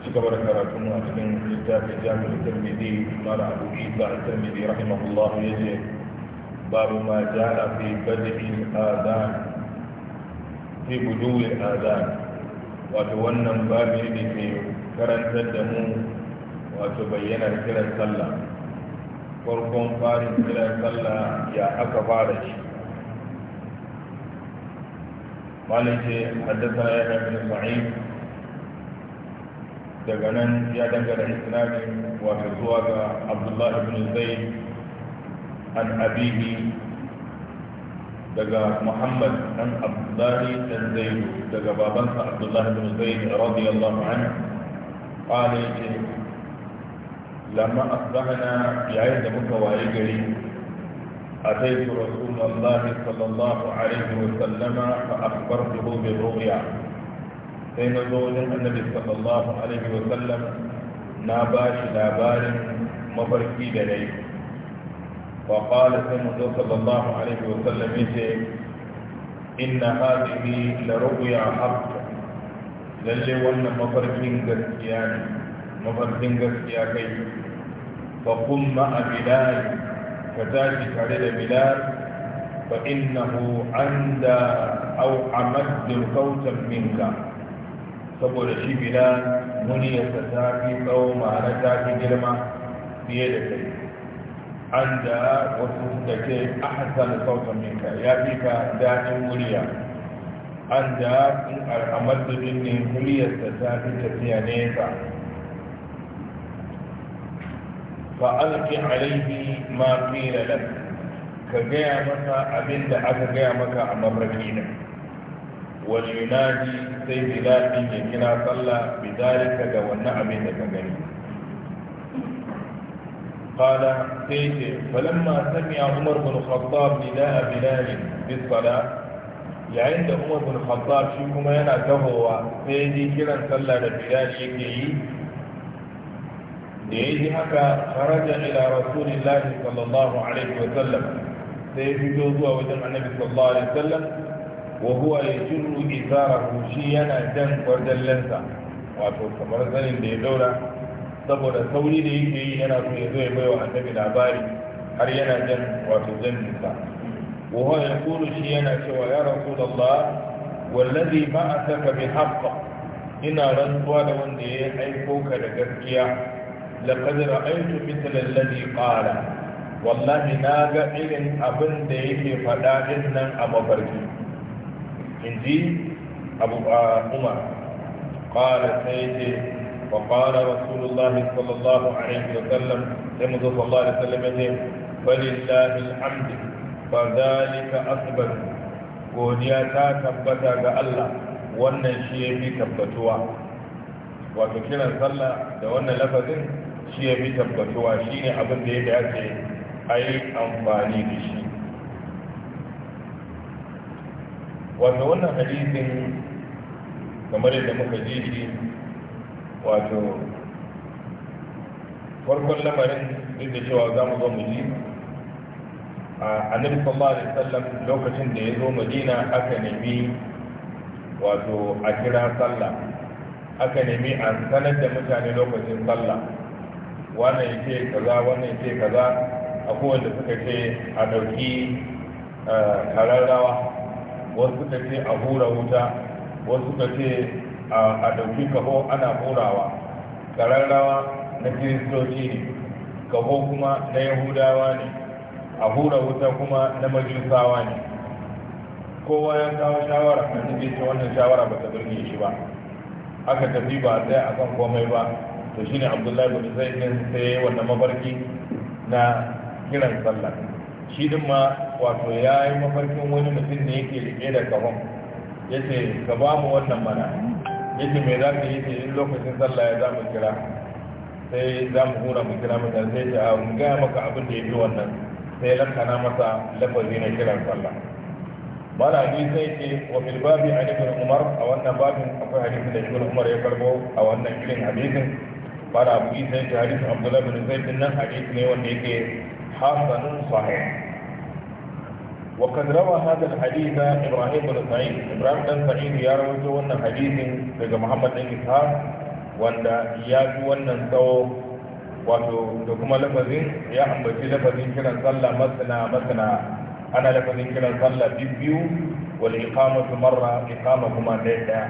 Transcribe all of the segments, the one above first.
أشكبر كراكم من كتاب جامع الترمذي قال أبو عيسى الترمذي رحمه الله يجب باب ما جاء في بدء الآذان في بدو الآذان وتونا باب في كرن تدمو وتبين الكرة صلى فرقم فارس كرة صلى يا أكبارش قال حدثنا يحيى بن سعيد daga nan ya dangana isnadin wato zuwa ga Abdullahi ibn zaid an abihi daga muhammad dan abdullahi dan zaid daga babansa abdullah ibn zaid radiyallahu anhu qala yace lamma asbahna yayin da muka waye gari أتيت رسول الله صلى الله عليه وسلم فأخبرته بالرؤيا sai na zo wajen annabi sallallahu alaihi wa sallam na ba shi labarin mafarki da rai wa qala sai mu zo sallallahu alaihi wa sallam yace inna hadhihi la ru'ya haqq lalle wannan mafarkin gaskiya ne mafarkin gaskiya kai fa qum ma'a bilal ka tashi tare da bilal fa innahu anda aw amaddu kautan minka saboda shi bilal muniyarsa ta fi tsawo ma'ana ta fi girma fiye da kai an da wasu suka ce ahasan sautan minka ya fi ka daɗin murya an da in al'amar da ne muryarsa ta fi tafiya nesa fa'alki alaihi ma fi ka gaya masa abin da aka gaya maka a mafarki ne وليناجي سيد لا في كنا صلى بذلك جو النعم تكني قال سيد فلما سمع عمر بن الخطاب نداء بلال بالصلاة يعند عمر بن الخطاب ما ينا هو سيد كنا صلى بلال يكي ليجي هكا خرج إلى رسول الله صلى الله عليه وسلم سيد جوزوا وجمع النبي صلى الله عليه وسلم wa huwa yajru izarahu shi yana jan gwarjallensa wato kamar zanin da ya daura saboda sauri da yake yi yana so ya zo ya baiwa annabi labari har yana jan wato janninsa wa huwa yaqulu shi yana cewa ya rasulullah wallazi saka bi haqq ina rantsuwa da wanda ya aiko ka da gaskiya laqad ra'aytu mithla alladhi qala wallahi na ga irin abin da yake faɗa din nan a mafarki in ji abu ah, umar ƙara sai ce wa ƙara rasulullah sallallahu alaihi wa sallam sai mu zo sallallahu alaihi wa sallam ya ce falillahi alhamdu fa zalika asbar godiya ta tabbata ga Allah wannan shi ya fi tabbatuwa wato kiran sallah da wannan lafazin shi ya fi tabbatuwa shine abin da ya dace a yi amfani da shi wato wannan hadisin kamar yadda muka ji shi wato farkon lamarin duk da cewa za mu zo mu ji a annabi sallallahu alaihi wasallam lokacin da ya zo madina aka nemi wato a kira sallah aka nemi a sanar da mutane lokacin sallah wannan ya kaza wannan ya kaza a wanda suka ce a ɗauki eh, kararrawa wasu suka ce a hura wuta wasu suka ce a dauki kaho ana hurawa ƙararrawa na kiristoci ne kaho kuma na yahudawa ne a hura wuta kuma na majusawa ne kowa ya kawo shawara a cikin ce wannan shawara ba ta birni shi ba aka tafi ba sai a kan komai ba to shine abdullahi bin zaid din sai wannan mafarki na kiran sallah shi din ma wato ya yi mafarkin wani mutum ne yake rike da kafan ya ce ka ba mu wannan mana ya ce mai za ka yi ce in lokacin sallah ya za mu kira sai za mu hura mu kira mutane sai ce a mun gaya maka abin da ya fi wannan sai lantana masa lafazi na kiran sallah mala ni sai ce wa fil babi hadithun umar a wannan babin akwai hadisin da shugaban umar ya karbo a wannan irin hadisin mala abu sai ce hadisin abdullahi bin zaid nan hadisi ne wanda yake hasanun sahih وقد روى هذا الحديث إبراهيم بن سعيد إبراهيم بن سعيد يروي أن حديث daga Muhammad bin Ishaq wanda ya fi wannan tsawo wato da kuma lafazin ya ambaci lafazin kiran sallah masana masana ana lafazin kiran sallah biyu wal iqamatu marra iqama kuma ɗaya ɗaya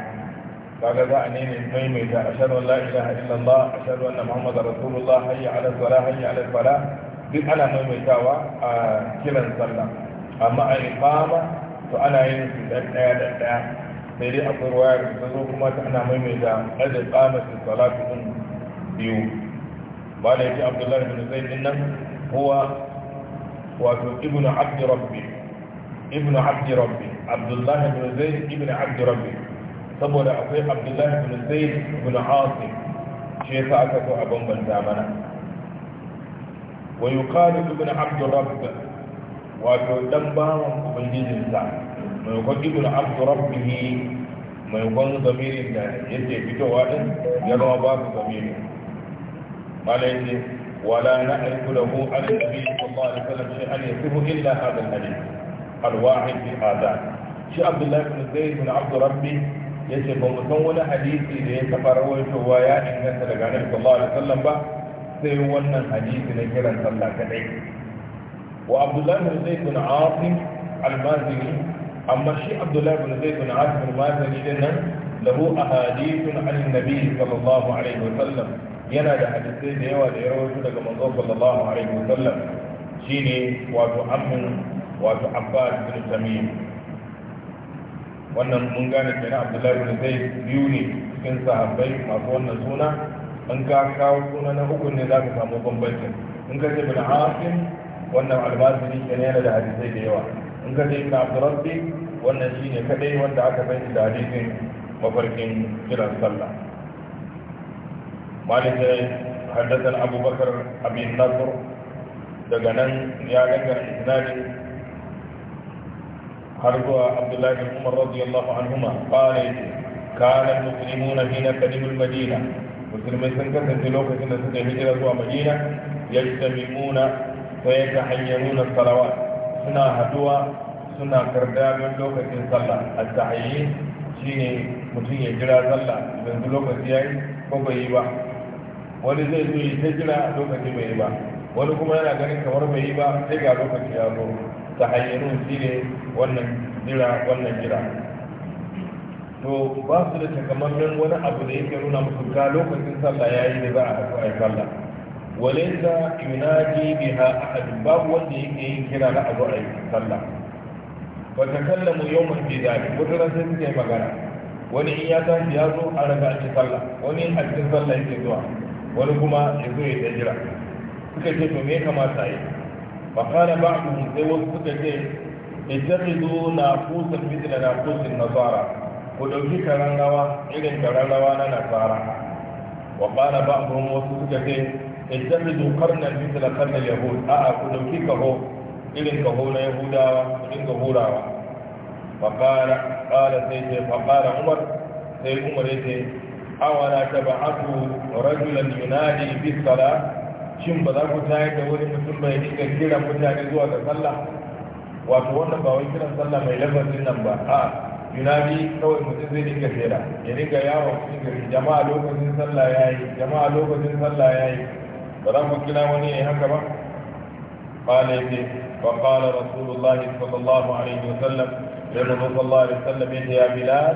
kaga za a nemi maimaita ashhadu an la ilaha illallah ashhadu anna muhammadar rasulullah hayya ala salah hayya ala falah duk ana maimaitawa a kiran sallah amma a iqama to ana yin su dan daya dan daya sai dai akwai ruwaya da ta zo kuma ta ana maimaita qad qamat salatu din biyu ba da yake abdullahi bin zai din nan huwa wato ibnu abdi rabbi ibnu abd rabbi abdullahi bin zaid ibnu abd rabbi saboda akwai abdullahi bin zaid ibn asim shi yasa aka so a bambanta mana wa yuqalu ibn abd wato dan bawan ubangijinsa mai kwan ibn abdu rabbihi mai kwan zamirin da yake fitowa din ya zama babu zamirin mala yace wala na'rifu lahu an nabi sallallahu alaihi wasallam an yasifu illa hadha al-hadith al-wahid fi hadha shi abdullahi ibn zayd ibn abdu rabbi yace ba mu san wani hadisi da ya taɓa rawaitowa ya inganta daga annabi sallallahu alaihi wasallam ba sai wannan hadisi na kiran sallah kadai وعبد الله بن زيد بن عاصم المازني أما شيء عبد الله بن زيد بن عاصم المازني لنا له أحاديث عن النبي صلى الله عليه وسلم yana da hadisai da yawa da yawa su daga manzo sallallahu alaihi wasallam shine wato amin wato abbas bin wannan mun gane kenan abdullahi bin zaid biyu ne cikin sahabbai masu wannan suna in ka kawo suna na uku ne za ka samu bambancin in ka ce bin asim wannan almajiri ne yana da hadisai da yawa in ka ce ibn abdurrabbi wannan shi ne kadai wanda aka sani da hadisin mafarkin kiran sallah malik haddasan abubakar abin nasr daga nan ya dangana isnadin har zuwa abdullahi bin umar radiyallahu anhuma qala kana al-muslimuna hina qadimu al-madina musulmai sun kasance lokacin da suka hijira zuwa madina yajtamimuna wa ya ta hanyaruna salawat suna haduwa suna karda don lokacin sallah a tahiyyi shine mutum ya jira sallah yanzu lokaci yi ko bai yi ba wani zai zo yi sai jira lokaci bai yi ba wani kuma yana ganin kamar bai yi ba sai ga lokaci ya zo tahayyarun shine wannan jira wannan jira to ba su da takamaiman wani abu da yake nuna musu ga lokacin sallah ya yi da za a haɗu a yi sallah walaysa yunadi biha ahad babu wanda yake yin kira na abu a sallah wa takallamu yawman bi dhalik wata ran sai suke magana wani in ya tashi ya zo a raga ake sallah wani in cikin sallah yake zuwa wani kuma ya zo ya jira suka ce to me kamata yi fa kana ba'du sai wasu suka ce ittakhidhu naqusan mithla naqusin nasara ku ɗauki karen irin karangawa na nasara wa ƙara ba wasu suka ce ittakhidhu qarnan mithla qarn al-yahud a'a ku dauki kaho irin kaho na yahudawa ku dinga horawa fa qala qala sai ce fa qala umar sai umar yace awala tab'atu rajulan yunadi bis sala shin ba za ku tayar da wani mutum bai dinga kira mutane zuwa ga sallah wato wannan ba wai kiran sallah mai lafazin nan ba a yunadi kawai mutum zai dinga kira ya dinga yawon cikin jama'a lokacin sallah yayi jama'a lokacin sallah yayi ba za mu kira wani ya haka ba قال wa Sallam ya الله صلى الله عليه وسلم للرسول صلى الله عليه وسلم bi بلال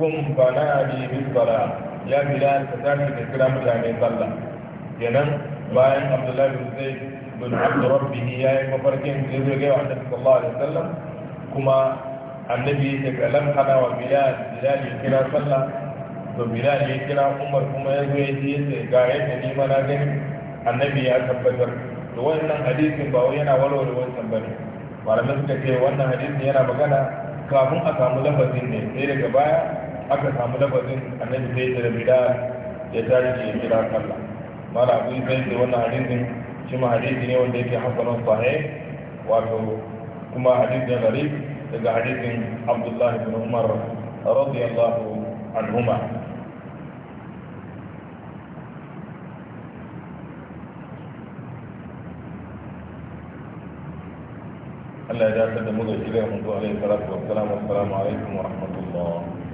قم ya بالصلاة يا بلال فتاكد kira mutane sallah. kenan bayan abdullahi bin zaid bin abdu rabbihi ya yi mafarkin da zai gaya wa annabi sallallahu alaihi wasallam kuma annabi ya ce lam hana wa bilal bilal ya kira sallah to bilal ya kira umar kuma ya zo ya ce ga yadda ni mana gani annabi ya tabbatar to wannan hadisin ba wai yana walwala wancan bane malamai suka ce wannan hadisin yana magana kafin a samu lafazin ne sai daga baya aka samu lafazin annabi sai ya rabida ya tashi ya kira kalla mala abu sai da wannan hadisin shi ma hadisi ne wanda yake hasanun sahih wato kuma hadisin rarif daga hadisin Abdullahi ibn Umar radiyallahu anhuma Allah ya dace da mu da shirya mun zo alaihi salatu wassalamu assalamu alaikum wa rahmatullah